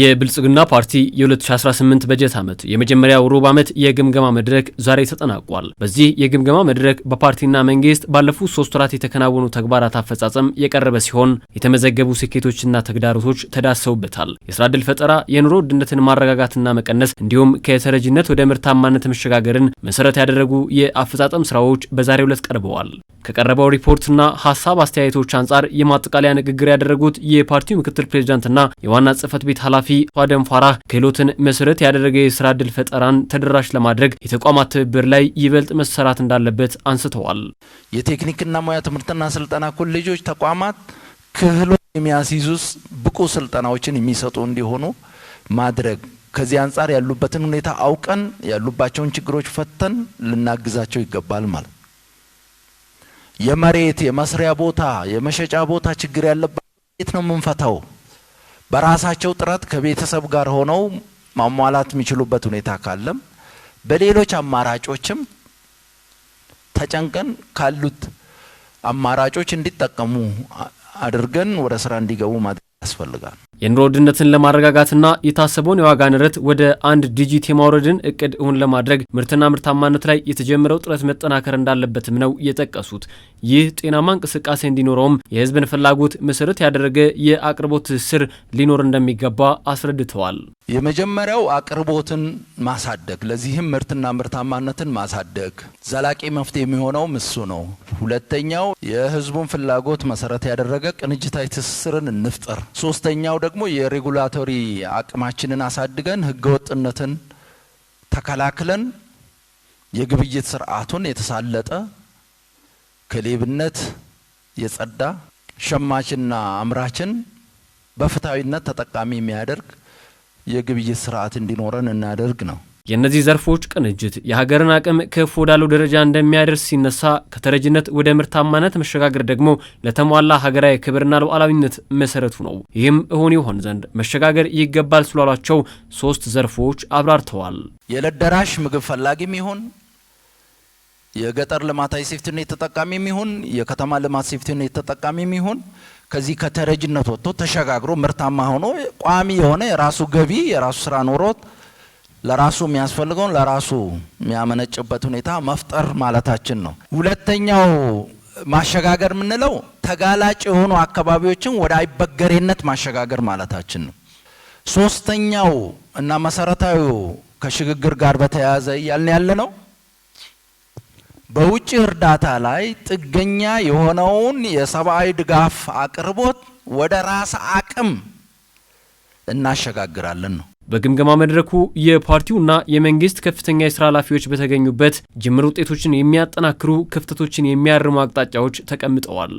የብልጽግና ፓርቲ የ2018 በጀት ዓመት የመጀመሪያው ሩብ ዓመት የግምገማ መድረክ ዛሬ ተጠናቋል። በዚህ የግምገማ መድረክ በፓርቲና መንግስት ባለፉት ሶስት ወራት የተከናወኑ ተግባራት አፈጻጸም የቀረበ ሲሆን የተመዘገቡ ስኬቶችና ተግዳሮቶች ተዳሰውበታል። የስራ ዕድል ፈጠራ፣ የኑሮ ውድነትን ማረጋጋትና መቀነስ እንዲሁም ከተረጂነት ወደ ምርታማነት መሸጋገርን መሰረት ያደረጉ የአፈጻጸም ስራዎች በዛሬው ዕለት ቀርበዋል። ከቀረበው ሪፖርትና ሀሳብ አስተያየቶች አንጻር የማጠቃለያ ንግግር ያደረጉት የፓርቲው ምክትል ፕሬዚዳንትና የዋና ጽህፈት ቤት ኃላፊ አደም ፋራህ ክህሎትን መሰረት ያደረገ የስራ እድል ፈጠራን ተደራሽ ለማድረግ የተቋማት ትብብር ላይ ይበልጥ መሰራት እንዳለበት አንስተዋል። የቴክኒክና ሙያ ትምህርትና ስልጠና ኮሌጆች ተቋማት ክህሎት የሚያስይዙስ ብቁ ስልጠናዎችን የሚሰጡ እንዲሆኑ ማድረግ ከዚህ አንጻር ያሉበትን ሁኔታ አውቀን ያሉባቸውን ችግሮች ፈተን ልናግዛቸው ይገባል ማለት የመሬት የመስሪያ ቦታ የመሸጫ ቦታ ችግር ያለበት ቤት ነው የምንፈታው። በራሳቸው ጥረት ከቤተሰብ ጋር ሆነው ማሟላት የሚችሉበት ሁኔታ ካለም በሌሎች አማራጮችም ተጨንቀን ካሉት አማራጮች እንዲጠቀሙ አድርገን ወደ ስራ እንዲገቡ ማድረግ ያስፈልጋል። የኑሮ ውድነትን ለማረጋጋትና የታሰበውን የዋጋ ንረት ወደ አንድ ዲጂት የማውረድን እቅድ እውን ለማድረግ ምርትና ምርታማነት ላይ የተጀመረው ጥረት መጠናከር እንዳለበትም ነው የጠቀሱት። ይህ ጤናማ እንቅስቃሴ እንዲኖረውም የሕዝብን ፍላጎት መሰረት ያደረገ የአቅርቦት ትስስር ሊኖር እንደሚገባ አስረድተዋል። የመጀመሪያው አቅርቦትን ማሳደግ፣ ለዚህም ምርትና ምርታማነትን ማሳደግ ዘላቂ መፍትሄ የሚሆነውም እሱ ነው። ሁለተኛው የህዝቡን ፍላጎት መሰረት ያደረገ ቅንጅታዊ ትስስርን እንፍጠር። ሶስተኛው ደግሞ የሬጉላቶሪ አቅማችንን አሳድገን ህገወጥነትን ተከላክለን የግብይት ስርዓቱን የተሳለጠ ከሌብነት የጸዳ ሸማችና አምራችን በፍትሐዊነት ተጠቃሚ የሚያደርግ የግብይት ስርዓት እንዲኖረን እናደርግ ነው። የእነዚህ ዘርፎች ቅንጅት የሀገርን አቅም ከፍ ወዳለው ደረጃ እንደሚያደርስ ሲነሳ፣ ከተረጅነት ወደ ምርታማነት መሸጋገር ደግሞ ለተሟላ ሀገራዊ ክብርና ሉዓላዊነት መሰረቱ ነው። ይህም እሆን ይሆን ዘንድ መሸጋገር ይገባል ስላሏቸው ሶስት ዘርፎች አብራርተዋል። የዕለት ደራሽ ምግብ ፈላጊም ይሁን የገጠር ልማታዊ ሴፍትኔት ተጠቃሚም ይሁን የከተማ ልማት ሴፍትኔት ተጠቃሚም ይሁን ከዚህ ከተረጅነት ወጥቶ ተሸጋግሮ ምርታማ ሆኖ ቋሚ የሆነ የራሱ ገቢ የራሱ ስራ ኖሮት ለራሱ የሚያስፈልገውን ለራሱ የሚያመነጭበት ሁኔታ መፍጠር ማለታችን ነው። ሁለተኛው ማሸጋገር የምንለው ተጋላጭ የሆኑ አካባቢዎችን ወደ አይበገሬነት ማሸጋገር ማለታችን ነው። ሶስተኛው እና መሰረታዊ ከሽግግር ጋር በተያያዘ እያልን ያለ ነው በውጭ እርዳታ ላይ ጥገኛ የሆነውን የሰብአዊ ድጋፍ አቅርቦት ወደ ራስ አቅም እናሸጋግራለን ነው። በግምገማ መድረኩ የፓርቲውና የመንግስት ከፍተኛ የስራ ኃላፊዎች በተገኙበት ጅምር ውጤቶችን የሚያጠናክሩ ክፍተቶችን የሚያርሙ አቅጣጫዎች ተቀምጠዋል።